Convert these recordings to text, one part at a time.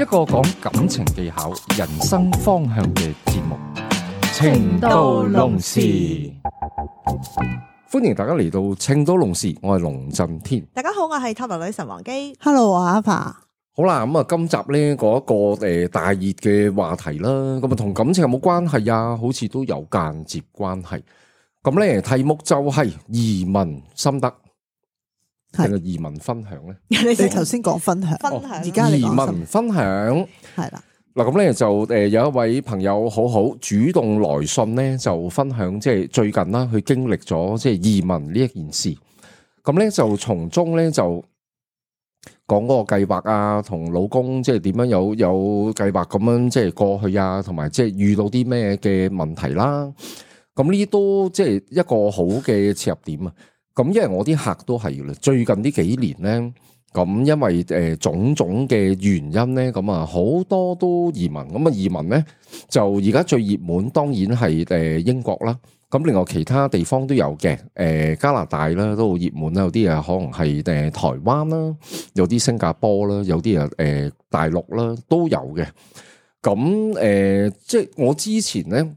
一個講感情技巧、人生方向嘅節目《情到龍匙》。歡迎大家嚟到《情到龍匙》，我係龍震天。大家好，我係塔羅女神王姬。Hello，我係阿爸。好啦，咁啊，今集咧嗰一個誒大熱嘅話題啦，咁啊同感情有冇關係啊？好似都有間接關係。咁咧題目就係移民心得。係個移民分享咧， 你哋頭先講分享、哦，分享而家移民分享係啦。嗱咁咧就誒有一位朋友好好主動來信咧，就分享即係最近啦，佢經歷咗即係移民呢一件事。咁咧就從中咧就講嗰個計劃啊，同老公即係點樣有有計劃咁樣即係過去啊，同埋即係遇到啲咩嘅問題啦。咁呢都即係一個好嘅切入點啊！咁因為我啲客都係最近呢幾年咧，咁因為誒種種嘅原因咧，咁啊好多都移民，咁啊移民咧就而家最熱門當然係誒英國啦，咁另外其他地方都有嘅，誒加拿大啦都好熱門啦，有啲啊可能係誒台灣啦，有啲新加坡啦，有啲啊誒大陸啦都有嘅，咁、嗯、誒即係我之前咧。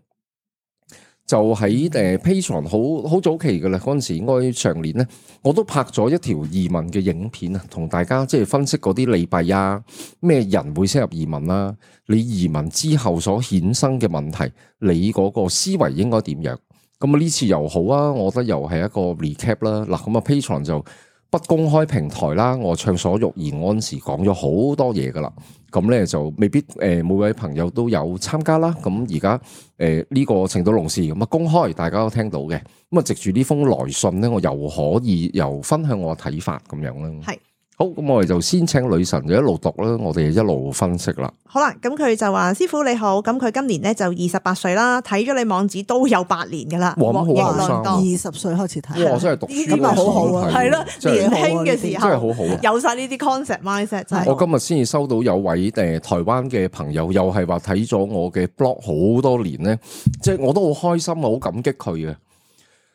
就喺誒 Patreon 好好早期嘅啦，嗰陣時應該上年咧，我都拍咗一條移民嘅影片啊，同大家即係分析嗰啲利弊啊，咩人會適合移民啊？你移民之後所衍生嘅問題，你嗰個思維應該點樣？咁啊呢次又好啊，我覺得又係一個 recap 啦。嗱，咁啊 Patreon 就。不公開平台啦，我暢所欲言，陣時講咗好多嘢噶啦，咁咧就未必誒、呃、每位朋友都有參加啦。咁而家誒呢個程度論事，咁啊公開，大家都聽到嘅。咁啊，藉住呢封來信咧，我又可以又分享我嘅睇法咁樣啦。係。好，咁我哋就先請女神一路讀啦，我哋一路分析啦。好啦，咁佢就話，師傅你好，咁佢今年咧就二十八歲啦，睇咗你網址都有八年噶啦，黃生哇、啊、二十歲開始睇，我真係讀書咪好好啊，係咯，啦年輕嘅時候真係好好啊，有晒呢啲 concept mindset 就係、是。我今日先至收到有位誒台灣嘅朋友，又係話睇咗我嘅 blog 好多年咧，即、就、係、是、我都好開心，我好感激佢嘅。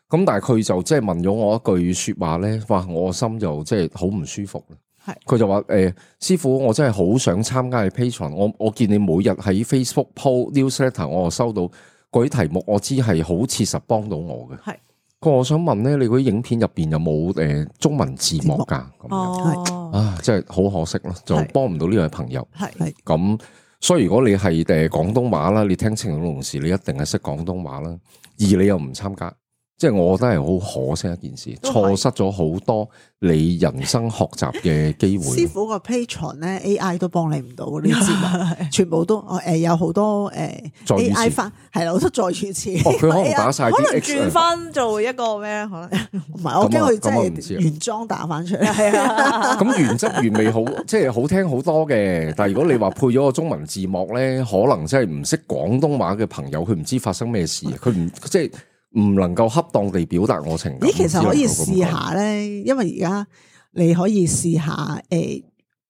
咁但係佢就即係問咗我一句說話咧，話我個心就即係好唔舒服。係佢是就話誒、欸，師傅，我真係好想參加你 Patreon，我我見你每日喺 Facebook Post、newsletter，我收到嗰啲題目，我知係好切實幫到我嘅。係是，佢話我想問咧，你嗰啲影片入邊有冇誒、呃、中文字幕噶？幕樣哦，啊，即係好可惜咯，就幫唔到呢位朋友。係係，咁所以如果你係誒廣東話啦，你聽情到龍匙，你一定係識廣東話啦。而你又唔參加。即係我覺得係好可惜一件事，錯是失咗好多你人生學習嘅機會。師傅個 patron 咧，AI 都幫你唔到呢啲節目全部都，誒有好多誒 AI 翻係啦，我都再預設。佢、哦、可能打晒，可能轉翻做一個咩？可能，唔係 是，我驚佢真係原裝打翻出嚟。係啊，咁原汁原味好，即係好聽好多嘅。但係如果你話配咗個中文字幕咧，可能真係唔識廣東話嘅朋友，佢唔知發生咩事，佢唔即係。 唔能夠恰當地表達我情感，你其實可以試下咧，因為而家你可以試下，誒、呃，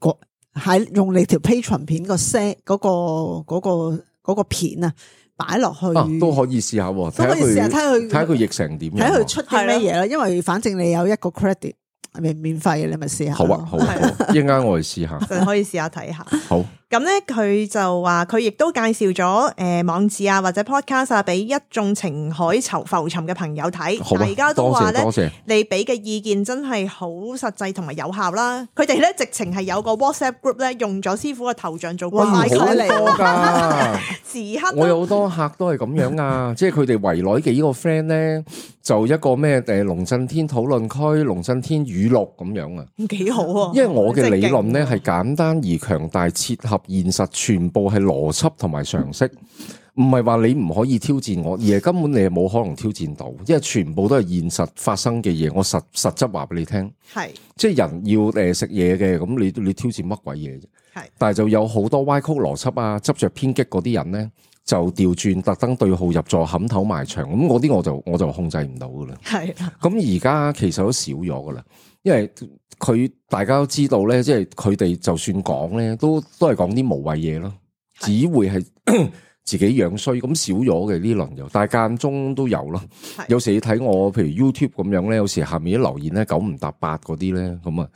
個喺用你條 Patreon 片 set,、嗰個 set 嗰、嗰個個、嗰個片啊，擺落去都可以試下。都可以試下睇佢睇佢譯成點，睇佢出啲咩嘢咯。是的 因為反正你有一個 credit 係咪免費？你咪試下好、啊。好啊，好啊，一陣間 我哋試下， 可以試下睇下。好。咁咧，佢就話佢亦都介紹咗誒網址啊，或者 podcast 啊，俾一眾情海浮浮沉嘅朋友睇。大家吧都話咧，多謝多謝你俾嘅意見真係好實際同埋有效啦。佢哋咧直情係有個 WhatsApp group 咧，用咗師傅嘅頭像做 icon 嚟噶。時 刻都 我有好多客都係咁樣啊， 即係佢哋圍內嘅呢個 friend 咧，就一個咩誒龍震天討論區、龍震天語錄咁樣啊，唔幾好啊。因為我嘅理論咧係簡單而強大，切合。現實全部係邏輯同埋常識，唔係話你唔可以挑戰我，而係根本你係冇可能挑戰到，因為全部都係現實發生嘅嘢。我實實質話俾你聽，係是即係人要誒食嘢嘅，咁你你挑戰乜鬼嘢啫？係是，但係就有好多歪曲邏輯啊，執着偏激嗰啲人咧，就調轉特登對號入座，冚頭埋牆。咁嗰啲我就我就控制唔到噶啦。係的，咁而家其實都少咗噶啦，因為佢大家都知道咧，即係佢哋就算講咧，都都係講啲無謂嘢咯，的只會係自己樣衰。咁少咗嘅呢輪又，但係間中都有咯。的有時你睇我，譬如 YouTube 咁樣咧，有時下面啲留言咧，九唔搭八嗰啲咧，咁啊，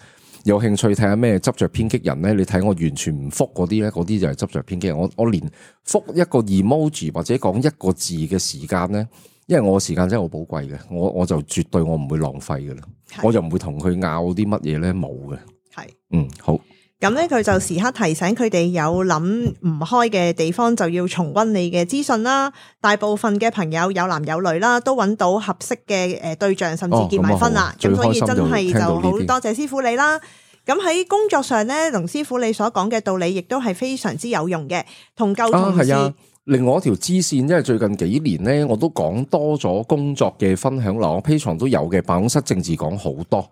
有興趣睇下咩執着偏激人咧？你睇我完全唔覆嗰啲咧，嗰啲就係執着偏激人。我我連覆一個 emoji 或者講一個字嘅時間咧，因為我時間真係好寶貴嘅，我我就絕對我唔會浪費噶啦。是我就唔會同佢拗啲乜嘢咧，冇嘅。係是的、嗯，嗯好。咁咧，佢就時刻提醒佢哋有諗唔開嘅地方，就要重溫你嘅資訊啦。大部分嘅朋友有男有女啦，都搵到合適嘅誒對象，甚至結埋婚啦。咁、哦、所以真係就好多謝師傅你啦。咁喺工作上咧，龍師傅你所講嘅道理，亦都係非常之有用嘅。同舊同事。令我條支線，因為最近幾年咧，我都講多咗工作嘅分享啦。我 P 床都有嘅辦公室政治講好多，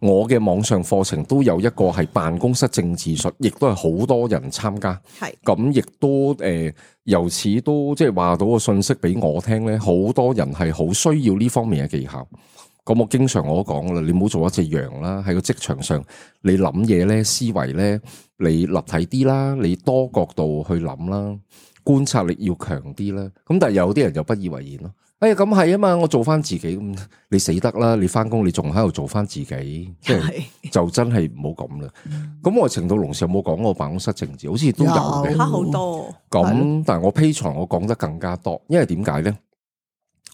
我嘅網上課程都有一個係辦公室政治術，亦都係好多人參加。係咁是，亦都誒、呃，由此都即係話到個信息俾我聽咧，好多人係好需要呢方面嘅技巧。咁我經常我講啦，你唔好做一隻羊啦。喺個職場上，你諗嘢咧，思維咧，你立體啲啦，你多角度去諗啦。觀察力要強啲啦，咁但係有啲人就不以為然咯。哎呀，咁係啊嘛，我做翻自己，你死得啦！你翻工，你仲喺度做翻自己，是即係就真係唔好咁啦。咁我情到龍匙有冇講我辦公室情節？好似都有嘅。又好多。咁樣，的但係我 Patreon 我講得更加多，因為點解咧？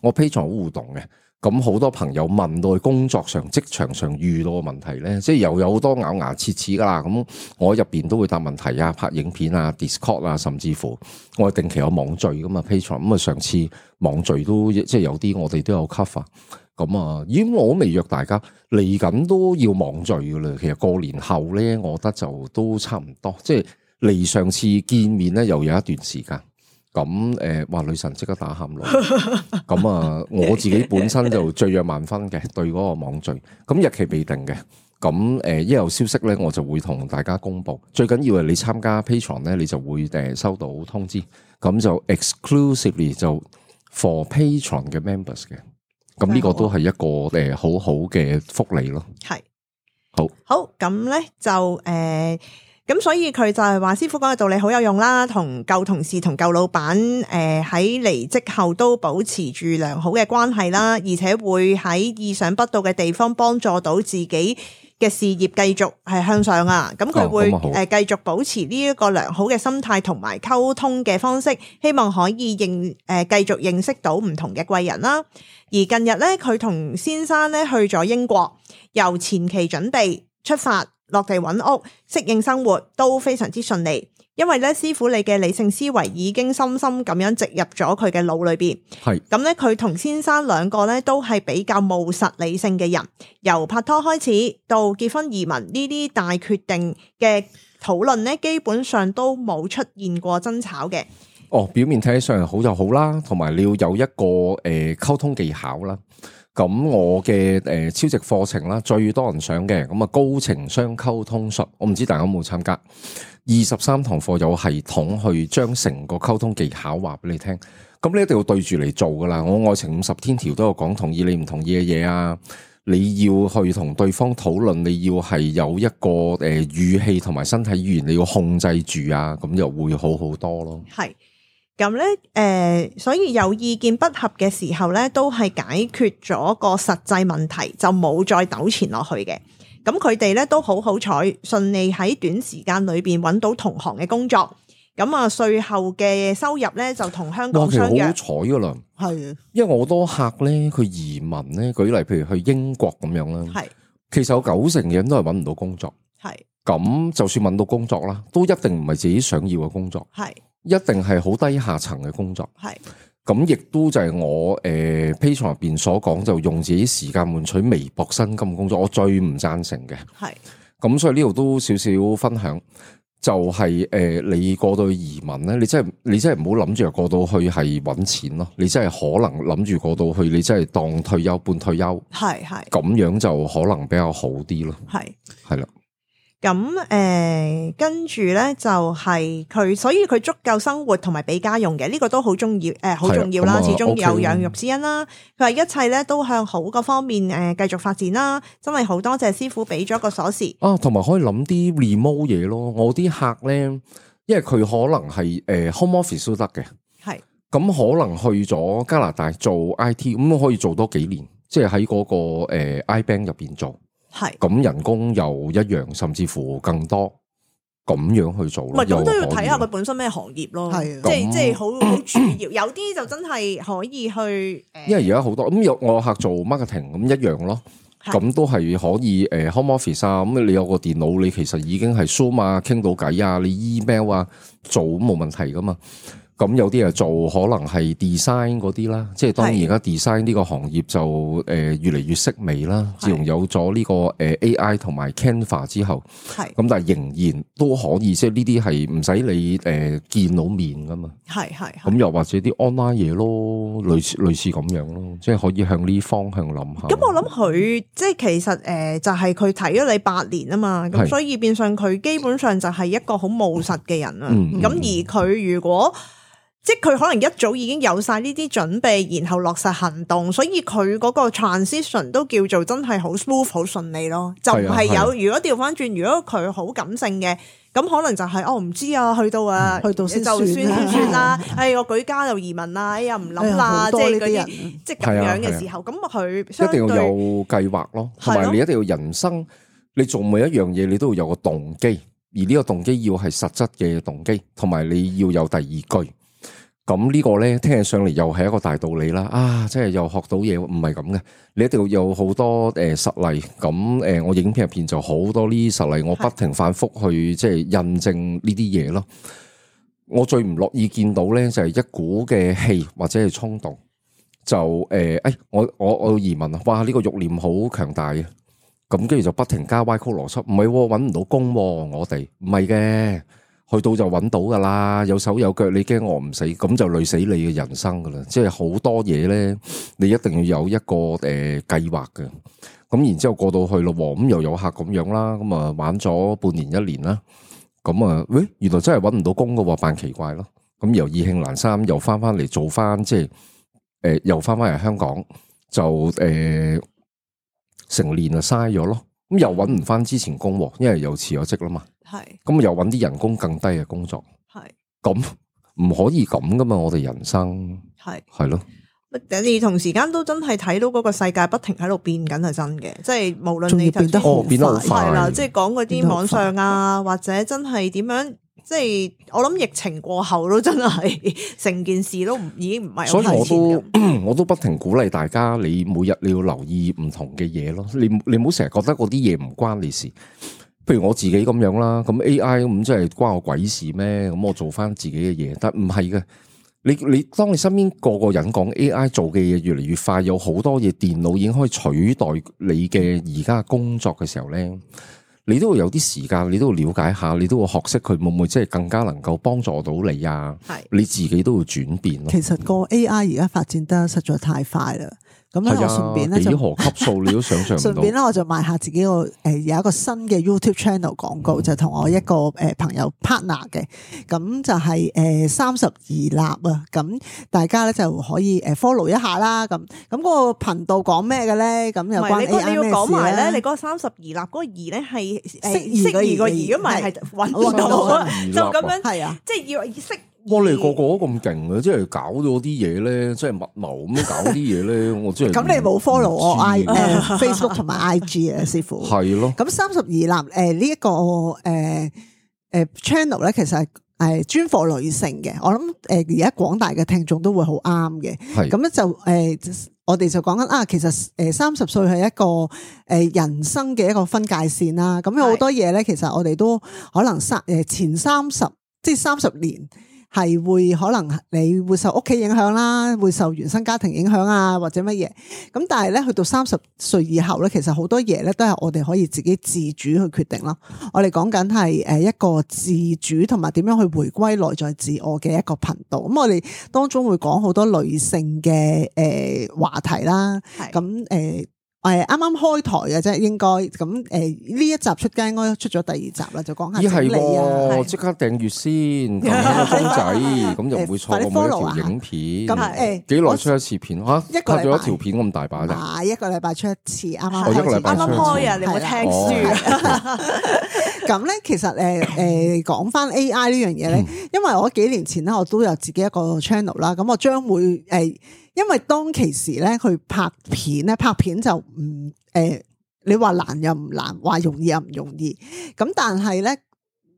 我 Patreon 好互動嘅。咁好多朋友問到工作上、職場上遇到嘅問題咧，即係又有好多咬牙切齒噶啦。咁我入邊都會答問題啊、拍影片啊、Discord 啊，甚至乎我定期有網聚噶嘛 Patreon 咁啊，上次網聚都即係有啲我哋都有 cover。咁啊，咦，我未約大家嚟緊都要網聚噶啦。其實過年後咧，我覺得就都差唔多，即係離上次見面咧，又有一段時間。咁誒，哇，呃呃呃！女神即刻打喊囉！咁 啊， 我自己本身就罪惡萬分嘅，對嗰個網罪。咁日期未定嘅，咁誒、呃，一有消息咧，我就會同大家公布。最緊要係你參加 Patreon 咧，你就會誒收到通知。咁就 exclusively 就 for Patreon 嘅 members 嘅。咁呢個都係一個誒好好嘅福利咯係是，好，好，咁咧就誒。呃咁所以佢就係話，師傅講嘅道理好有用啦。同舊同事、同舊老闆，誒喺離職後都保持住良好嘅關係啦，而且會喺意想不到嘅地方幫助到自己嘅事業繼續係向上啊。咁佢會誒繼續保持呢一個良好嘅心態同埋溝通嘅方式，希望可以認誒、呃、繼續認識到唔同嘅貴人啦。而近日咧，佢同先生咧去咗英國，由前期準備出發。落地揾屋，適應生活都非常之順利，因為咧師傅你嘅理性思維已經深深咁樣植入咗佢嘅腦裏邊。係咁咧，佢同先生兩個咧都係比較務實理性嘅人，由拍拖開始到結婚移民呢啲大決定嘅討論咧，基本上都冇出現過爭吵嘅。哦，表面睇起上好就好啦，同埋你要有一個誒、呃、溝通技巧啦。咁我嘅誒超值課程啦，最多人上嘅咁啊高情商溝通術，我唔知大家有冇參加？二十三堂課有系統去將成個溝通技巧話俾你聽，咁你一定要對住嚟做噶啦。我愛情五十天條都有講，同意你唔同意嘅嘢啊，你要去同對方討論，你要係有一個誒語氣同埋身體語言，你要控制住啊，咁又會好好多咯。係。咁咧，誒、嗯，所以有意見不合嘅時候咧，都係解決咗個實際問題，就冇再糾纏落去嘅。咁佢哋咧都好好彩，順利喺短時間裏邊揾到同行嘅工作。咁啊，稅後嘅收入咧就同香港相若，好彩噶啦，係。是因為我好多客咧，佢移民咧，舉例譬如去英國咁樣啦，係是。其實有九成人都係揾唔到工作，係是。咁就算揾到工作啦，都一定唔係自己想要嘅工作，係。一定係好低下層嘅工作，係。咁亦都就係我誒，Patreon 入邊所講，就用自己時間換取微薄薪金工作，我最唔贊成嘅係咁，是所以呢度都少少分享，就係、是、誒、呃，你過到移民咧，你真係你真係唔好諗住過到去係揾錢咯，你真係可能諗住過到去，你真係當退休半退休，係，係咁樣就可能比較好啲咯，係係啦。是咁誒，跟住咧就係佢，所以佢足夠生活同埋俾家用嘅，呢、這個都好重要誒，好、呃、重要啦。的始終有養育之恩啦。佢係、嗯、一切咧都向好個方面誒繼續發展啦。真係好多謝師傅俾咗個鎖匙啊，同埋可以諗啲 remote 嘢咯。我啲客咧，因為佢可能係誒 home office 都得嘅，係咁的可能去咗加拿大做 IT，咁、嗯、可以做多幾年，即係喺嗰個誒、呃、I bank 入邊做。係咁是人工又一樣，甚至乎更多咁樣去做咯。係咁是因為 都要睇下佢本身咩行業咯，係的即係即係好好專業。 有啲就真係可以去誒，因為而家好多咁有 我客做 marketing 咁一樣咯，咁是都係可以誒、呃、home office 啊。咁你有個電腦，你其實已經係 zoom 啊，傾到偈啊，你 email 啊做咁冇問題噶嘛。咁有啲人做可能係 design 嗰啲啦，即係當然而家 design 呢個行業就誒越嚟越式微啦。是自從有咗呢個誒 AI 同埋 Canva 之後，咁是但係仍然都可以，即係呢啲係唔使你誒見到面㗎嘛。係係咁又或者啲 online 嘢咯，類似類似咁樣咯，即係可以向呢方向諗下。咁我諗佢即係其實誒就係佢睇咗你八年啊嘛，咁是所以變相佢基本上就係一個好務實嘅人啊。咁而佢如果即係佢可能一早已經有晒呢啲準備，然後落實行動，所以佢嗰個 transition 都叫做真係好 smooth 好順利咯。就唔係有的如果調翻轉，如果佢好感性嘅，咁可能就係、是、哦唔知啊，去到啊，去到算就算啦。誒、 哎，我舉家又移民啦，呀唔諗啦，即係嗰人，即係咁樣嘅時候，咁佢一定要有計劃咯，同埋你一定要人生的你做每一樣嘢，你都要有個動機，而呢個動機要係實質嘅動機，同埋你要有第二句。咁呢個咧，聽起上嚟又係一個大道理啦！啊，即係又學到嘢，唔係咁嘅，你一定要有好多誒、呃、實例。咁誒、呃，我影片入邊就好多呢啲實例，我不停反覆去即係印證呢啲嘢咯。是我最唔樂意見到咧，就係、是、一股嘅氣或者係衝動，就誒誒、呃哎，我我我移民啊！哇，呢、這個欲念好強大嘅，咁跟住就不停加歪曲邏輯，唔係喎，揾唔到工喎、啊，我哋唔係嘅。去到就揾到噶啦，有手有腳，你驚餓唔死，咁就累死你嘅人生噶啦。即係好多嘢咧，你一定要有一個誒、呃、計劃嘅。咁然之後過到去咯，咁又有客咁樣啦。咁啊玩咗半年一年啦，咁啊，喂、欸，原來真係揾唔到工嘅話，扮奇怪咯。咁由意興闌珊，又翻翻嚟做翻，即係誒、呃，又翻翻嚟香港，就誒、呃、成年就嘥咗咯。咁又搵唔翻之前工，因為又辭咗職啦嘛。係是。咁又搵啲人工更低嘅工作。係是。咁唔可以咁噶嘛？我哋人生。係的。係咯。你同時間都真係睇到嗰個世界不停喺度變緊係真嘅，即係無論你變得哦變得好快啦、哦，即係講嗰啲網上啊，或者真係點樣。即係我諗疫情過後都真係成件事都已經唔係，所以我都我都不停鼓勵大家， 你每日你要留意唔同嘅嘢咯。你你唔好成日覺得嗰啲嘢唔關你事。譬如我自己咁樣啦，咁 AI 咁真係關我鬼事咩？咁我做翻自己嘅嘢，但唔係嘅，你你當你身邊個個人講 AI 做嘅嘢越嚟越快，有好多嘢電腦已經可以取代你嘅而家工作嘅時候咧。你都會有啲時間，你都會了解下，你都會學識佢會唔會即係更加能夠幫助到你啊？係是你自己都會轉變咯。其實個 AI 而家發展得實在太快啦。咁就順便咧就，幾何級數料？都想象唔到。順便咧，我就賣下自己個誒有一個新嘅 YouTube channel 廣告，就同我一個誒朋友 partner 嘅，咁就係誒三十二立啊，咁大家咧就可以誒 follow 一下啦，咁咁嗰個頻道講咩嘅咧？咁又關，你，關你要講埋咧，你嗰個三十二立嗰個二咧係誒，二個二個二，如果唔係係搵唔到啊，就咁樣，係啊，即係要為識。我哋個，個個都咁勁嘅，即係搞咗啲嘢咧，即係物流咁樣搞啲嘢咧， 我即係咁你冇 follow 我 I 誒 Facebook 同埋 IG 啊，師傅係咯。咁三十而立誒呢一個誒誒 channel 咧，其實係誒專課女性嘅，我諗誒而家廣大嘅聽眾都會好啱嘅。咁咧就誒我哋就講緊啊，其實誒三十歲係一個誒人生嘅一個分界綫啦。咁有好多嘢咧，其實我哋都可能三誒前三十即係三十年。係會可能你會受屋企影響啦，會受原生家庭影響啊，或者乜嘢咁。但係咧，去到三十歲以後咧，其實好多嘢咧都係我哋可以自己自主去決定咯。我哋講緊係誒一個自主同埋點樣去回歸內在自我嘅一個頻道。咁我哋當中會講好多女性嘅誒話題啦。咁誒的。呃誒，啱啱開台嘅啫，應該咁誒，呢一集出街應該出咗第二集啦，就講下。咦係喎，即刻訂閱先，公仔咁又唔會錯過每條影片。咁誒，幾耐出一次片吓？拍咗一條片咁大把。啊，一個禮拜出一次，啱啱啱啱開啊！你冇聽書。咁咧，其實誒誒，講翻 AI 呢樣嘢咧，因為我幾年前咧，我都有自己一個 channel 啦，咁我將會誒。因為當其時咧，佢拍片咧，拍片就唔誒、呃，你話難又唔難，話容易又唔容易。咁但係咧，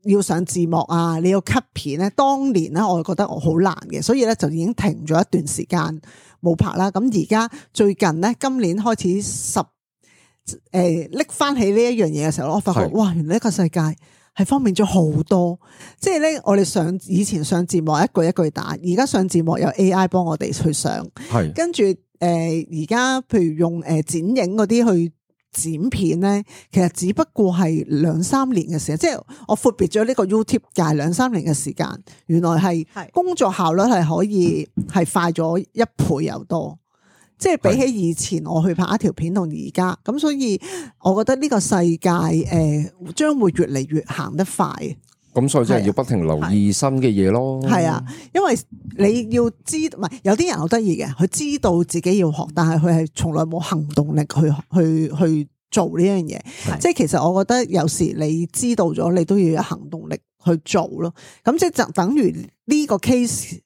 要上字幕啊，你要 cut 片咧，當年咧，我覺得我好難嘅，所以咧就已經停咗一段時間冇拍啦。咁而家最近咧，今年開始十誒，拎、呃、翻起呢一樣嘢嘅時候，我發覺的哇，原來一個世界。係方便咗好多，即係咧，我哋上以前上字幕一句一句打，而家上字幕有 AI 幫我哋去上，係跟住誒，呃、而家譬如用誒剪影嗰啲去剪片咧，其實只不過係兩三年嘅時間，即係我闊別咗呢個 YouTube 界兩三年嘅時間，原來係工作效率係可以係快咗一倍又多。即係比起以前我去拍一條片同而家咁，係。所以我覺得呢個世界誒，將、呃、會越嚟越行得快。咁所以真係要不停留意新嘅嘢咯。係啊，因為你要知，唔係有啲人好得意嘅，佢知道自己要學，但係佢係從來冇行動力去去去做呢樣嘢。係。即係其實我覺得有時你知道咗，你都要有行動力去做咯。咁即係就等於呢個 case，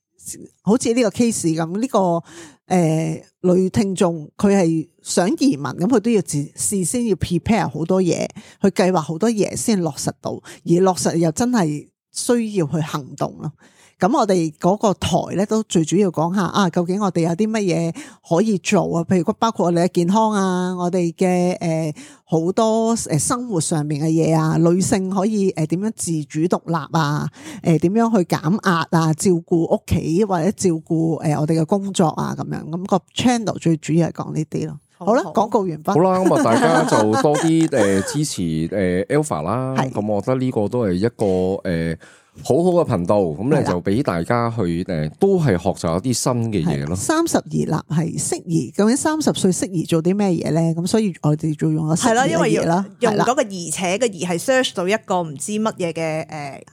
好似呢個 case 咁呢、呢個。誒，女、呃、聽眾佢係想移民，咁佢都要事事先要 prepare 好多嘢，去計劃好多嘢先落實到，而落實又真係需要去行動咯。咁我哋嗰個台咧，都最主要講下啊，究竟我哋有啲乜嘢可以做啊？譬如包括我哋嘅健康啊，我哋嘅、誒好多誒，生活上面嘅嘢啊，女性可以誒、呃，點樣自主獨立啊？誒、呃點樣去減壓啊？照顧屋企或者照顧誒我哋嘅工作啊？咁樣，咁個 channel 最主要係講呢啲咯。好啦，廣告完畢。好啦，咁啊大家就多啲誒支持誒 Alpha 啦。咁 是我覺得呢個都係一個誒。呃好好嘅頻道，咁咧就俾大家去誒，都係學習一啲新嘅嘢咯。三十而立係適宜，究竟三十歲適宜做啲咩嘢咧？咁所以，我哋仲用咗。係咯，因為要啦，用嗰個而且嘅而係 search 到一個唔知乜嘢嘅誒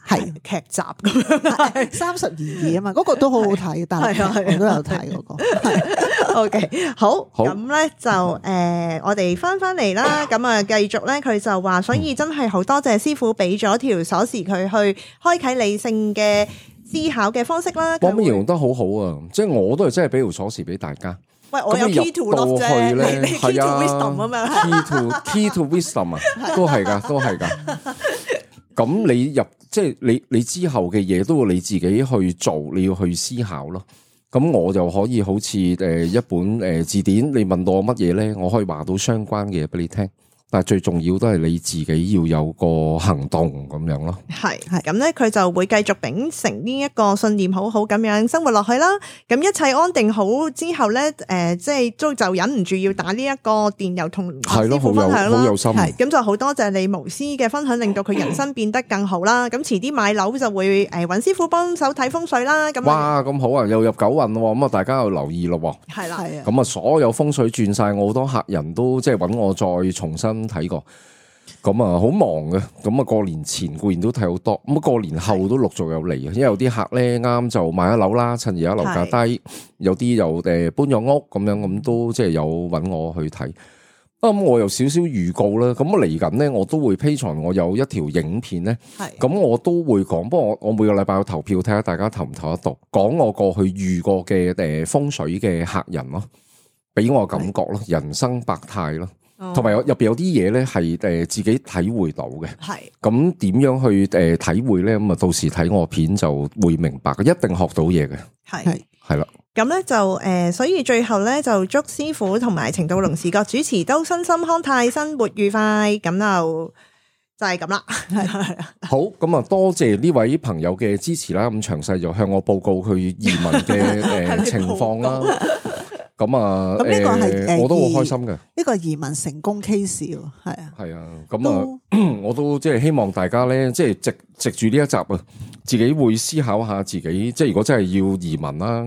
係劇集咁樣。三十而已啊嘛，嗰個都好好睇，但係我都有睇嗰個。OK，好，咁咧就誒，我哋翻翻嚟啦，咁啊繼續咧，佢就話，所以真係好多謝師傅俾咗條鎖匙佢去開啟。理性嘅思考嘅方式啦，講得形容得好好啊！即係我都係，真係俾條鎖匙俾大家。喂，我有 key to 到去咧，係啊，key to wisdom 啊，都係噶，都係噶。咁 你入，即係你你之後嘅嘢，都要你自己去做，你要去思考咯。咁我就可以好似誒一本誒字典，你問到我乜嘢咧，我可以話到相關嘅嘢俾你聽。但係最重要都係你自己要有個行動咁樣咯。係。係咁咧，佢就會繼續秉承呢一個信念，好好咁樣生活落去啦。咁一切安定好之後咧，誒即係都就忍唔住要打呢一個電郵，又同師傅分享啦。係咯，好有，有心。係咁就好多謝你無私嘅分享，令到佢人生變得更好啦。咁遲啲買樓就會誒揾師傅幫手睇風水啦。咁哇咁好啊，又入九運喎。咁啊，大家又留意咯。係啦的，係啊的。咁啊，所有風水轉晒，我好多客人都即係揾我再重新。睇過咁啊，好、嗯、忙嘅。咁、嗯、啊，過年前固然都睇好多，咁、嗯、啊，過年後都陸續有嚟。啊。是的 因為有啲客咧，啱就買咗樓啦，趁而家樓價低；是的 有啲又誒搬咗屋咁樣，咁都即係有揾我去睇。咁、嗯、我有少少預告啦。咁、嗯、啊，嚟緊咧，我都會 Patreon 我有一條影片咧。係咁，我都會講。不過我我每個禮拜有投票，睇下大家投唔投得到。講我過去遇過嘅誒風水嘅客人咯，俾我感覺咯，是的 人生百態咯。同埋有入邊有啲嘢咧，係誒自己體會到嘅。係咁點樣去誒體會咧？咁啊，到時睇我片就會明白，一定學到嘢嘅。係係啦。咁咧是的就誒，所以最後咧就祝師傅同埋情到龍匙視覺主持都身心康泰，生活愉快。咁就就係咁啦。係係。好，咁啊多謝呢位朋友嘅支持啦。咁詳細就向我報告佢移民嘅誒情況啦。 咁啊，我都好開心嘅。呢個移民成功 case 喎，係啊，係啊都、嗯。咁我都即係希望大家咧，即係藉住呢一集啊，自己會思考下自己。即係如果真係要移民啦，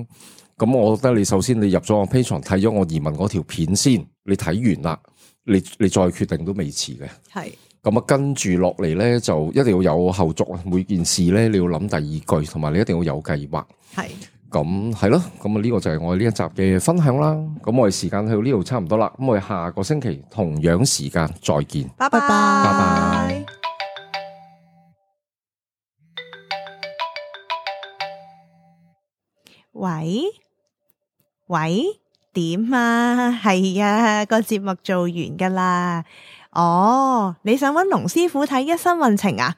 咁我覺得你首先你入咗我 Patreon 睇咗我移民嗰條片先，你睇完啦，你你再決定都未遲嘅。係是。咁啊，跟住落嚟咧，就一定要有後續啊。每件事咧，你要諗第二句，同埋你一定要有計劃。係。咁係咯，咁啊呢個就係我哋呢一集嘅分享啦。咁我哋時間去到呢度差唔多啦，咁我哋下個星期同樣時間再見。拜拜拜拜。喂喂，點啊？係呀、啊，個節目做完噶啦。哦，你想揾龍師傅睇一生運程啊？